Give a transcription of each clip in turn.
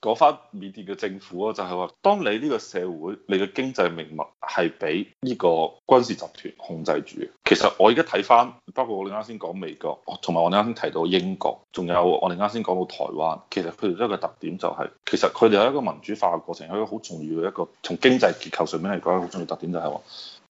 講翻緬甸嘅政府咯，就係話，當你呢個社會，你嘅經濟命脈係俾呢個軍事集團控制住，其實我而家睇翻，包括我哋啱先講美國，同埋我哋啱先提到英國，仲有我哋啱先講到台灣，其實佢哋一個特點就係、是，其實佢哋有一個民主化嘅過程，有一個好重要嘅一個，從經濟結構上面嚟講，好重要特點就係、是、話。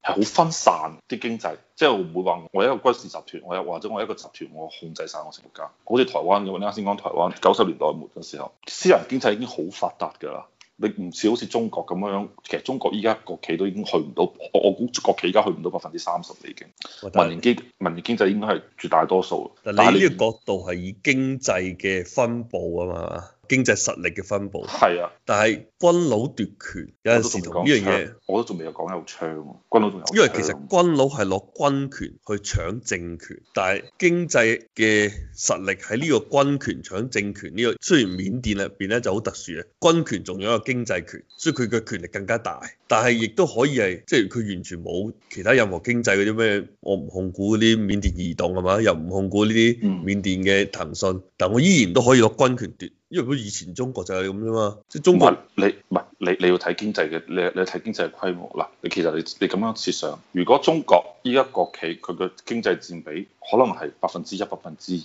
係好分散啲經濟，即係我唔會話我一個軍事集團，我又或者我一個集團，我控制晒我成個國家。好似台灣咁，你啱先講台灣九十年代末嘅時候，私人經濟已經好發達噶啦。你唔似好似中國咁樣樣，其實中國依家國企都已經去唔到，我估國企依家去唔到百分之三十啦已經，民經，民營經，民營經濟應該係絕大多數。但係呢個角度係以經濟嘅分佈啊嘛。經濟實力嘅分佈係啊，但係軍佬奪權有陣時同呢樣嘢，我都仲未有講得好槍。軍佬仲因為其實軍佬係攞軍權去搶政權，但係經濟嘅實力喺呢個軍權搶政權呢個，雖然緬甸入邊咧就好特殊啊，軍權仲有一個經濟權，所以佢嘅權力更加大。但係亦都可以係即係佢完全冇其他任何經濟嗰啲咩，我唔控股啲緬甸移動係嘛，又唔控股呢啲緬甸嘅騰訊，嗯、但我依然都可以攞軍權奪。因為以前中國就係咁啫嘛，即係中國，你唔係你你要睇經濟嘅，你你睇經濟嘅規模嗱。你其實你你咁樣設想，如果中國依家國企佢嘅經濟佔比可能係百分之一、百分之二，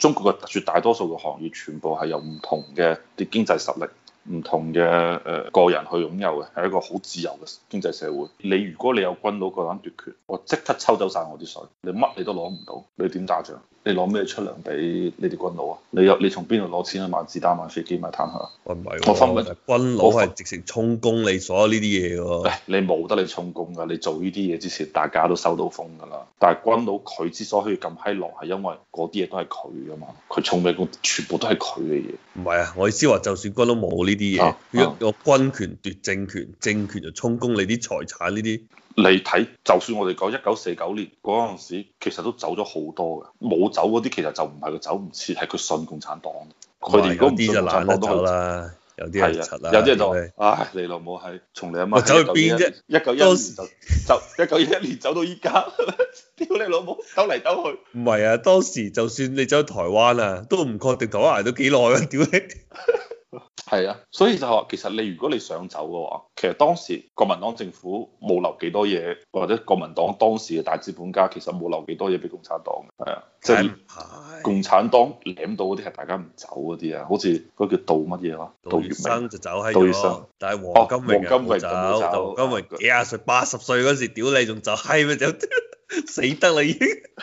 中國嘅絕大多數嘅行業全部係有唔同嘅啲經濟實力、唔同嘅誒個人去擁有嘅，係一個好自由嘅經濟社會。你如果你有軍佬個人奪權，我即刻抽走晒我啲水，你乜你都攞唔到，你點打仗？你攞咩出糧俾你哋軍佬啊？你有你從邊度攞錢啊？買子彈、買飛機、買坦克啊？我唔係，我分咪軍佬係直情充公你所有呢啲嘢噶。你冇得你充公噶，你做呢啲嘢之前，大家都收到風噶啦。但係軍佬佢之所以咁嗨樂，係因為嗰啲嘢都係佢啊嘛。佢充咩公？全部都係佢嘅嘢。唔係啊，我意思話，就算軍佬冇呢啲嘢，個、啊、軍權奪政權，政權就充公你啲財產呢啲。嚟睇，就算我哋講一九四九年嗰陣時，其實都走咗好多嘅。冇走嗰啲其實就唔係佢走唔切，係佢信，信共產黨。佢哋如果唔信共產黨都走啦，很有啲又柒啦。有啲就話，唉、哎，你老母係從你阿媽走去邊啫？一九一一年，年當時就一九一一年走到依家，屌 你老母，走嚟走去。唔係啊，當時就算你走台灣啊，都唔確定台灣挨到幾耐啊，屌你！ 係啊，所以就話其實你如果你想走嘅話，其實當時國民黨政府冇留幾多嘢，或者國民黨當時嘅大資本家其實冇留幾多嘢俾共產黨，係啊，即係共產黨領到嗰啲係大家唔走嗰啲啊，好似嗰個叫杜乜嘢啊？杜月笙就走係咯，但係黃金榮啊唔走，黃金榮幾廿歲八十歲嗰時，屌你仲走閪，咪走， 死得啦已經。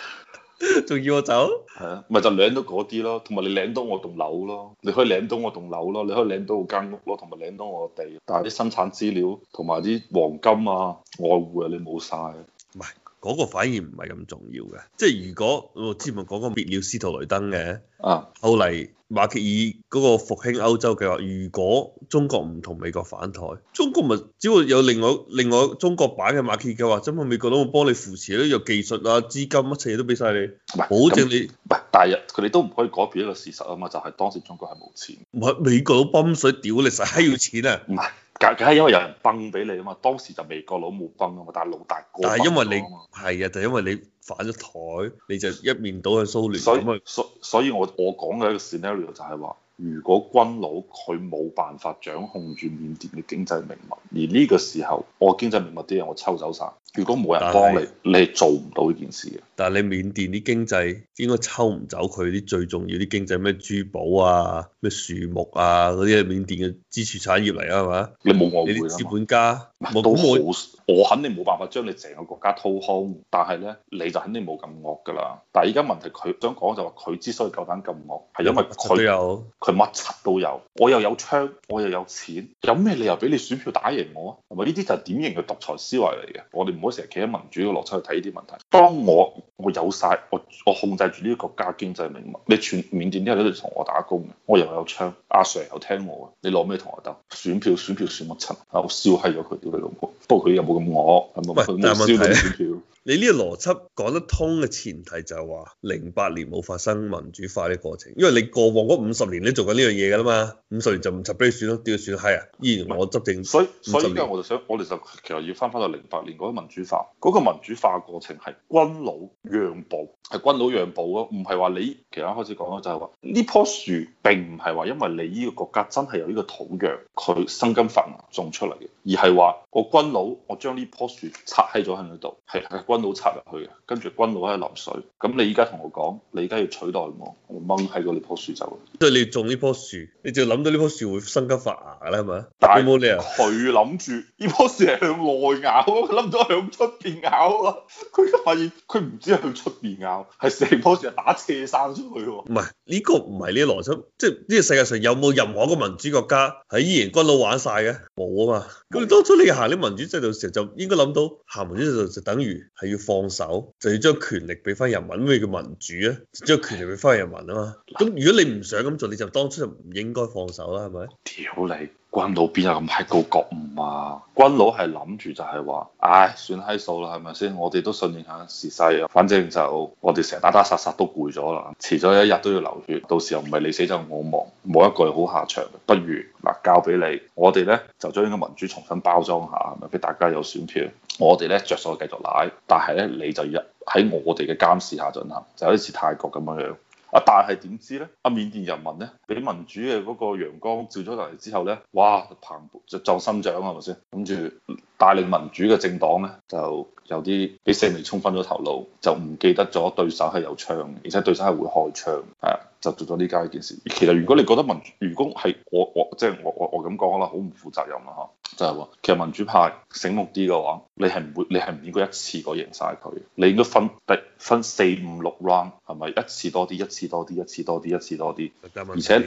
仲要我走？係啊，咪就是、領到嗰啲咯，同埋你領到我棟樓咯，你可以領到我棟樓咯，你可以領到我間屋咯，同埋領到我哋。但係啲生產資料同埋啲黃金啊、外匯啊你冇晒，唔係嗰個反而唔係咁重要嘅，即係如果我之前講講別了司徒雷登嘅，啊，後嚟。馬歇爾嗰個復興歐洲計劃，如果中國唔同美國反台，中國咪只會有另外另外中國版嘅馬歇爾計劃，咁美國都會幫你扶持呢入技術啊資金，乜嘢都俾晒你，保證你唔係，但係佢哋都唔可以改變一個事實啊嘛，就係、是、當時中國係冇錢，唔係美國都泵水屌你使閪要錢啊。梗係因為有人蹦俾你啊嘛，當時就美國佬冇蹦啊嘛，但係老大哥。但係因為你係啊，就因為你反咗台，你就一面倒去蘇聯。所以所所以我，我我講嘅一個 scenario 就係話。如果軍佬佢冇辦法掌控住緬甸嘅經濟命脈，而呢個時候我經濟命脈啲嘢我抽走晒。如果冇人幫你，是你係做唔到呢件事嘅。但係你緬甸啲經濟應該抽唔走佢啲最重要啲經濟，咩珠寶啊、咩樹木啊，嗰啲係緬甸嘅支柱產業嚟啊嘛，係咪你冇外資本家是我我都我肯定冇辦法將你成個國家掏空，但係咧你就肯定冇咁惡㗎啦。但係而家問題佢想講就話佢之所以夠膽咁惡，係因為佢為他們 有。乜柒都有，我又有槍，我又有錢，有咩理由俾你選票打贏我啊？係咪呢啲就係典型嘅獨裁思維嚟嘅。我哋唔好成日企喺民主嘅邏輯去睇呢啲問題。當我我有晒，我我控制住呢個國家經濟命脈，你全緬甸啲人都喺度同我打工嘅，我又有槍，阿、啊、Sir 有聽我，你攞咩同我鬥？選票選票選乜柒，我笑閪咗佢屌你老母，不過佢又冇咁我惡，冇冇喂燒你選票。你呢個邏輯講得通嘅前提就係話零八年冇發生民主化嘅過程，因為你過往嗰五十年你做緊呢樣嘢㗎啦嘛，五十年就唔執俾你咯，點算係啊，依然我執政，所以所以我就想，我哋就其實要翻翻到零八年嗰個民主化，嗰個民主化過程係軍佬讓步，係軍佬讓步咯，唔係話你，其實一開始講咯，就係話呢棵樹並唔係話因為你呢個國家真係有呢個土壤佢生根發芽種出嚟嘅，而係話個軍佬我將呢棵樹拆喺咗喺度，係軍佬插入去嘅，跟住軍佬喺度流水，咁你而家同我講，你而家要取代我，掹喺個呢棵樹走。即係你要種呢棵樹，你就諗到呢棵樹會生根發芽啦，係咪？但係冇理由，佢諗住呢棵樹係向內咬，佢諗到係喺出邊咬，佢發現佢唔知喺出邊咬，係成棵樹打斜生出去。唔係呢個唔係呢邏輯，即係呢個世界上有冇任何一個民主國家喺依然軍佬玩晒嘅？冇啊嘛。咁你我當初你行啲民主制度嘅時候，就應該諗到行民主制度就等於。係要放手，就要將權力俾翻人民。咩叫民主啊？就將權力俾翻人民啊嘛。咁如果你唔想咁做，你就當初就唔應該放手啦，係咪？軍佬邊有咁閪高覺悟啊？軍佬係諗住就係話，唉，算閪數啦，係咪先？我哋都信任下時勢，反正就我哋成日打打殺殺都攰咗啦，遲咗一日都要流血，到時候唔係你死就我亡，冇一個好下場。不如嗱，交俾你，我哋呢就將呢個民主重新包裝下，咪俾大家有選票。我哋呢着數繼續攋，但係呢，你就要喺我哋嘅監視下進行，就好似泰國咁樣樣。啊！但係點知咧？啊！緬甸人民呢，俾民主嘅嗰個陽光照咗落嚟之後呢，哇！就勃就撞心脹，係咪先？諗住帶領民主嘅政黨呢，就有啲俾勝利衝昏咗頭腦，就唔記得咗對手係有槍，而且對手係會開槍，係。就做咗呢家呢件事。其實如果你覺得民主，如果係我我即係我我我咁講啦，好唔負責任啦嚇，就係話。其實民主派醒目啲嘅話，你係唔會，你係唔應該一次過贏晒佢。你應該分分四五六 round 係咪一次多啲，一次多啲，一次多啲，一次多啲。而且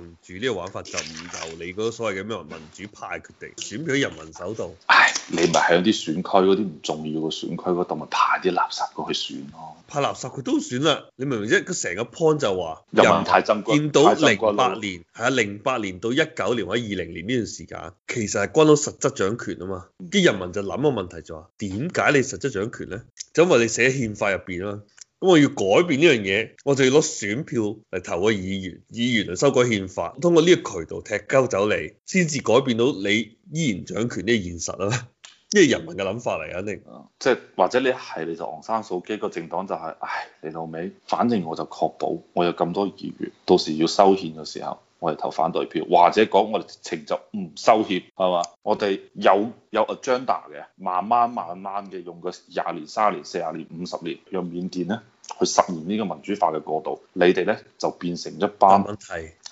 民主呢個玩法就唔由你嗰所謂嘅咩民主派決定，選舉人民手度。唉，你咪喺啲選區嗰啲唔重要嘅選區嗰度咪派啲垃圾過去選咯。派垃圾佢都選啦，你明唔明啫？佢成個 point 就話人民睇真見到零八年，係啊，零八年到一九年或者二零年呢段時間，其實係軍到實質掌權啊嘛。啲人民就諗個問題就話：點解你實質掌權咧？就因為你寫憲法入邊啦。咁我要改變呢樣嘢，我就要攞選票嚟投個議員，議員嚟修改憲法，通過呢個渠道踢鳩走你，先至改變到你依然掌權呢個現實啊。即係人民嘅諗法嚟，肯定、即係。即係或者你一係你就昂山素姬、個政黨就係、係，唉你老味，反正我就確保，我有咁多議員，到時要修憲嘅時候，我哋投反對票，或者講我哋直情就唔修憲，係嘛？我哋有有 agenda 嘅，慢慢慢慢嘅用個廿年、三十年、四十年、五十年，用緬甸咧去實現呢個民主化嘅過渡，你哋咧就變成一班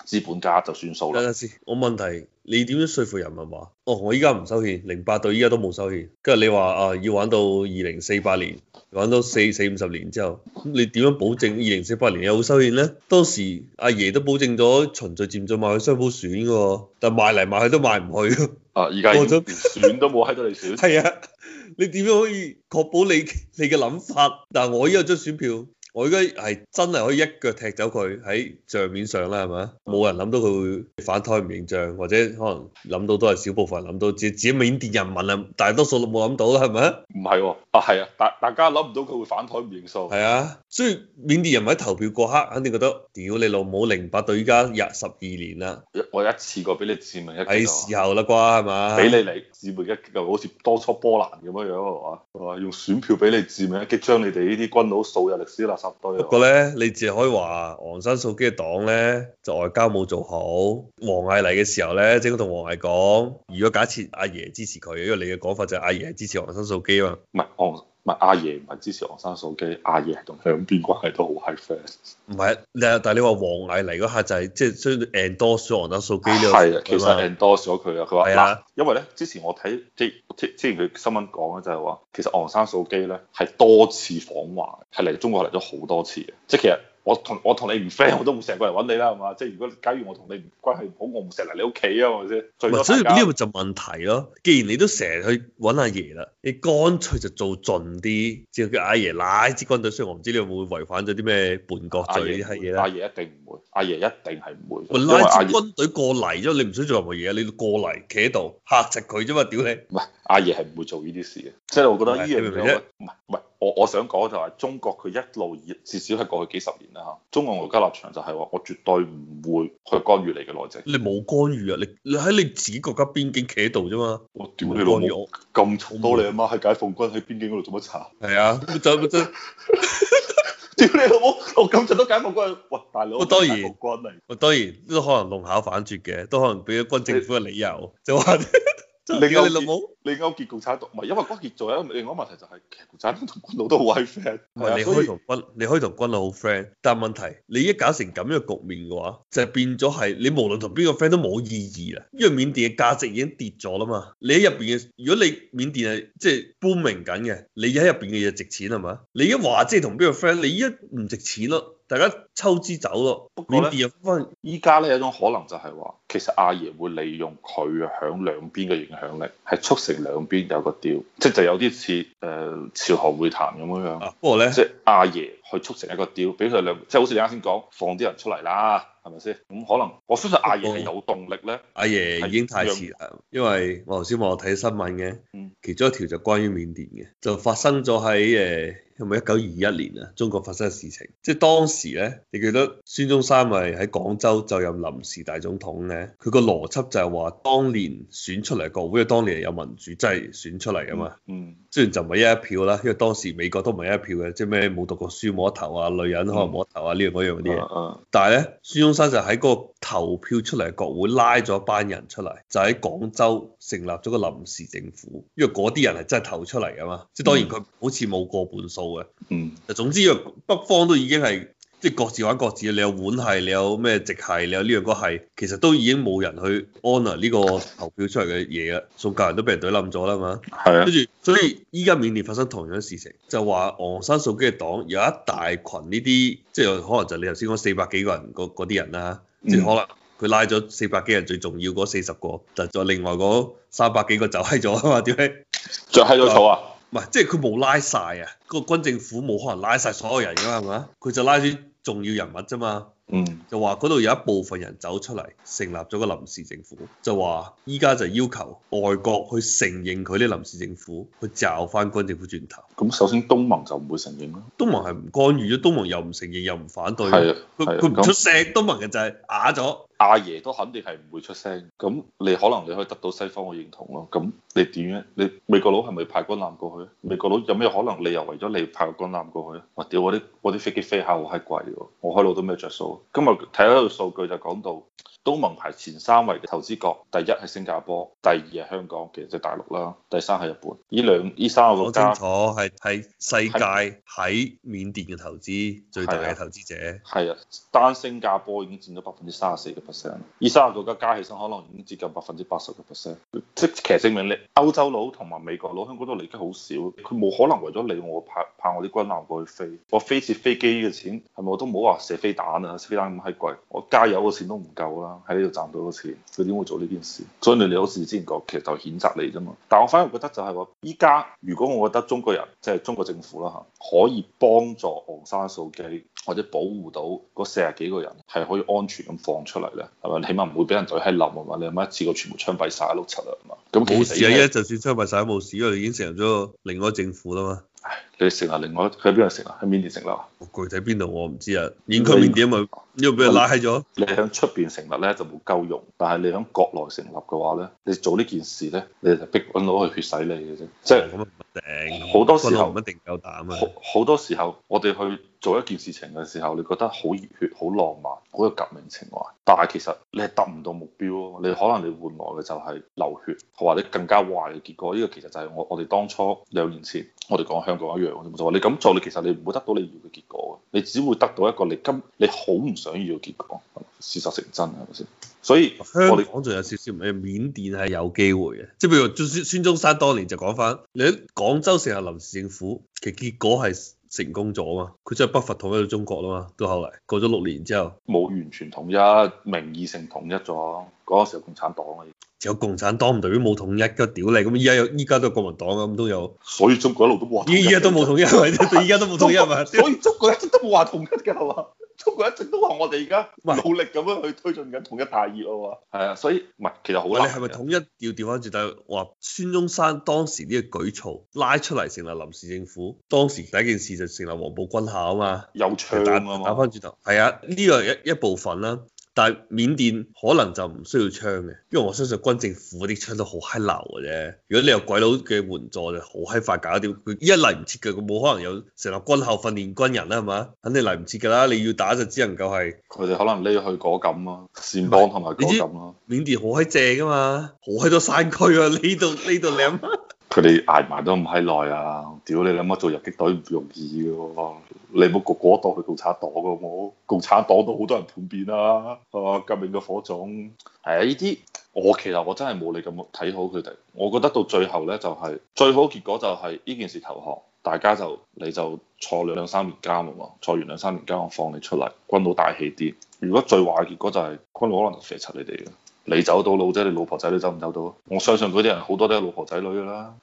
資本家就算數啦。冇問題。你點樣說服人民話？哦，我依家唔修憲，零八到依家都冇修憲。跟住你話啊，要玩到二零四八年，玩到四四五十年之後，你點樣保證二零四八年有修憲呢？當時阿爺都保證咗循序漸進賣去雙普選喎，但賣嚟賣去都賣唔去。啊，依家過咗，連選都冇喺度你選。係我想 啊，你點樣可以確保你你嘅諗法？但我依家有張選票。我依家係真係可以一腳踢走佢喺賬面上啦，係咪？冇、嗯、人諗到佢會反台唔認賬，或者可能諗到都係少部分諗到自己，只只緬甸人民、哦、啊,啊，大多數都冇諗到啦，係咪唔係，啊係啊，大大家諗唔到佢會反台唔認數。係啊，所以緬甸人民喺投票過刻，肯定覺得屌你老母，零八到依家廿十二年啦，我一次過俾你致命一擊，一係時候啦啩，係嘛？俾你嚟致命一擊，又好似多出波瀾咁樣樣，係、啊、嘛？用選票俾你致命一擊，將你哋呢啲軍佬數入歷史啦。不過呢，你只可以話昂山素姬嘅黨呢，就外交冇做好。王毅嚟嘅時候呢，正經同王毅講，如果假設阿爺支持佢，因為你嘅講法就係阿爺係支持昂山素姬啊嘛。唔係我。 阿爺唔係支持昂山素姬，阿爺同佢兩邊關係都好 high fans。唔係，但但你話王毅嚟嗰下就係即係宣 endorse 昂山素姬呢個係啊，其實 endorse 咗佢啊。佢話係啊，因為咧之前我睇啲之之前佢新聞講嘅就係話，其實昂山素姬咧係多次訪華，係嚟中國嚟咗好多次嘅，即係其實。我同我同你唔 friend，我都唔成日過嚟揾你啦，係嘛？即係如果假如我同你關係唔好，我唔成日嚟你屋企啊，係咪先？所以呢個就問題咯。既然你都成日去揾阿爺啦，你乾脆就做盡啲，之後叫阿爺拉支軍隊。雖然我唔知你會唔會違反咗啲咩叛國罪啲閪嘢咧。阿爺，阿爺一定唔會，阿爺一定係唔會。拉支軍隊過嚟，因為你唔想做任何嘢，你過嚟企喺度嚇窒佢啫嘛。屌你！唔係阿爺係唔會做呢啲事嘅，即係我覺得呢樣嘢唔係唔係。啊我我想講就係中國佢一路以至少係過去幾十年啦嚇，中國國家立場就係話我絕對唔會去干預你嘅內政。你冇干預啊？你你喺你自己國家邊境企喺度啫嘛。我屌你老母！咁吵到你阿媽喺解放軍喺邊境嗰度做乜查？係啊，就咁屌你老母！我咁吵到解放軍，喂大佬。我當然。軍嚟。我當然都可能弄巧反拙嘅，都可能俾咗軍政府嘅理由，就話。你勾你老母，你勾結共產黨，唔係因為勾結仲有另外一個問題，就係，就係其實共產黨同軍佬都好鬼 friend。唔係以，你可以同軍你可以同軍佬好 friend，但問題你一搞成咁樣嘅局面嘅話，就變咗係你無論同邊個 friend 都冇意義啦。因為緬甸嘅價值已經跌咗啦嘛，你喺入邊嘅，如果你緬甸係即係 booming 緊嘅，你喺入邊嘅嘢值錢係嘛？你一話即係同邊個 friend，你一唔值錢咯。大家抽支走咯。不過咧，依家咧有一種可能就係話，其實阿爺會利用佢喺兩邊嘅影響力，係促成兩邊有個調，即係就有啲似誒朝韓會談咁樣、啊。不過咧，即係阿爺去促成一個調，俾佢兩，即係好似你啱先講放啲人出嚟啦，係咪先？咁可能我相信阿爺係有動力咧。阿、啊、爺已經太遲啦，因為我頭先望我睇新聞嘅，其中一條就關於緬甸嘅，嗯、就發生咗喺誒。係咪一九二一年啊？中國發生嘅事情，即係當時咧，你記得孫中山咪喺廣州就任臨時大總統咧？佢個邏輯就係話，當年選出嚟國會，因為當年係有民主，即係選出嚟㗎嘛。嗯。雖然就唔係一一票啦，因為當時美國都唔係一一票嘅，即係咩冇讀過書、冇得投啊、女人可能冇得投啊呢樣嗰樣啲嘢。但係咧，孫中山就喺個投票出嚟嘅國會拉咗班人出嚟，就喺、是、廣州成立咗個臨時政府，因為嗰啲人係真係投出嚟㗎嘛。即係當然佢好似冇過半數。嗯，總之北方都已經係即係各自玩各自，你有碗係，你有咩直係，你有呢樣嗰係，其實都已經冇人去 honor 呢個投票出嚟嘅嘢啊！宋教仁都俾人懟冧咗啦嘛，係啊的，跟住所以依家緬甸發生同樣嘅事情，就話昂山素姬嘅黨有一大群呢啲，即係可能就你頭先講四百幾個人嗰啲人啦，即係、嗯、可能佢拉咗四百幾人，最重要嗰四十個，但係另外嗰三百幾個走閪咗啊嘛？點解？就閪咗草啊？唔係，即係佢冇拉晒啊！個軍政府冇可能拉晒所有人噶、啊、嘛，係咪啊？佢就拉啲重要人物啫嘛。嗯。就話嗰度有一部分人走出嚟，成立咗個臨時政府，就話依家就要求外國去承認佢啲臨時政府，去罩翻軍政府轉頭。咁、嗯、首先東盟就唔會承認咯。東盟係唔干預咗，東盟又唔承認又唔反對。係啊的。佢佢唔出聲，東盟嘅就係啞咗。阿爺都肯定係唔會出聲，咁你可能你可以得到西方嘅認同咯，咁你點樣？你美國佬係咪派軍艦過去？美國佬有咩可能你又為咗你派軍艦過去？我屌，我啲我啲飛機飛下我係貴喎，我開路都咩着數？今日睇到個數據就講到。都盟排前三位嘅投資國，第一係新加坡，第二係香港，其實即係大陸啦，第三係日本。呢兩呢三個國家好清楚，係係世界喺緬甸嘅投資在最大嘅投資者。係啊，啊，單星加坡已經佔咗百分之三十四嘅 percent，呢三個國家加起身可能已經接近百分之八十嘅 percent。即其實證明你歐洲佬同埋美國佬，香港都嚟緊好少，佢冇可能為咗你我，我派派我啲軍艦過去飛，我飛次飛機嘅錢係咪我都唔好話射飛彈啊，飛彈咁閪貴，我加油嘅錢都唔夠啦。喺呢度賺到個錢，佢點會做呢件事？所以你你好似之前講，其實就譴責你啫嘛。但我反而覺得就係話，依家如果我覺得中國人即係中國政府啦嚇，可以幫助昂山素姬或者保護到嗰四十幾個人係可以安全咁放出嚟咧，係咪？起碼唔會俾人懟喺冧啊嘛！你起碼你一次過全部槍斃曬碌柒啊嘛！咁冇事啊，依家就算槍斃晒都冇事，因為已經成咗另外政府啦嘛。你成立另外佢喺邊度成立？喺緬甸成立啊？具體邊度我唔知啊。掩區緬甸嘛，因為俾人拉起咗。你喺出邊成立咧就冇夠用，但係你喺國內成立嘅話咧，你做呢件事咧，你就逼搵到去血洗你嘅啫。即係頂好多時候唔一定夠膽啊。好多時候我哋去。做一件事情嘅時候，你覺得好熱血、好浪漫、好有革命情懷，但係其實你係達唔到目標咯，你可能你換來嘅就係流血，或者更加壞嘅結果。呢個其實就係我我哋當初兩年前我哋講香港一樣嘅啫嘛。你咁做，你其實你唔會得到你要嘅結果嘅，你只會得到一個你今你好唔想要嘅結果。事實成真係咪先？是所以我香港仲有少少，唔誒，緬甸係有機會嘅，即係譬如孫中山當年就講翻，你喺廣州成立臨時政府嘅結果係成功咗啊嘛，佢真係北伐統一咗中國啦嘛，到後嚟過咗六年之後，冇完全統一，名義性統一咗，嗰、嗰個時候共產黨，只有共產黨唔代表冇統一嘅。屌你咁依家有依家都係國民黨咁都有，所以中國一路都依依家都冇統一，依家都冇統一，係咪？所以中國一直都冇話統一嘅係嘛？佢一直都話我哋而家努力咁樣去推進緊統一大業咯喎，啊，所以唔係其實好啦，你係咪統一要調翻轉頭？但係話孫中山當時呢個舉措拉出嚟成立臨時政府，當時第一件事就成立黃埔軍校啊嘛，有槍啊嘛，打翻轉頭係啊，呢、嗯呢個一一部分啦。但係緬甸可能就唔需要槍嘅，因為我相信軍政府啲槍都好閪流嘅啫。如果你有鬼佬嘅援助就好閪快搞掂佢，佢一嚟唔切嘅，佢冇可能有成立軍校訓練軍人啦，係嘛？肯定嚟唔切㗎啦，你要打就只能夠係佢哋可能匿去果敢啊，善邦同埋啲敢啊，緬甸好閪正㗎嘛，好閪多山區啊，呢度呢度舐。 你 佢哋挨埋都唔喺耐啊！屌，你諗乜做游擊隊唔容易嘅，啊、你冇焗國國產去共產黨嘅，我共產黨都好多人叛變啊！啊，革命嘅火種係啊！呢啲、哎、我其實我真係冇你咁睇好佢哋，我覺得到最後呢，就係、是、最好嘅結果就係呢件事投降，大家就你就坐兩兩三年監喎，坐完兩三年監我放你出嚟，軍佬大氣啲。如果最壞嘅結果就係軍佬可能射柒你哋嘅，你走到路啫，你老婆仔女走唔走得到？我相信嗰啲人好多都係老婆仔女嘅啦。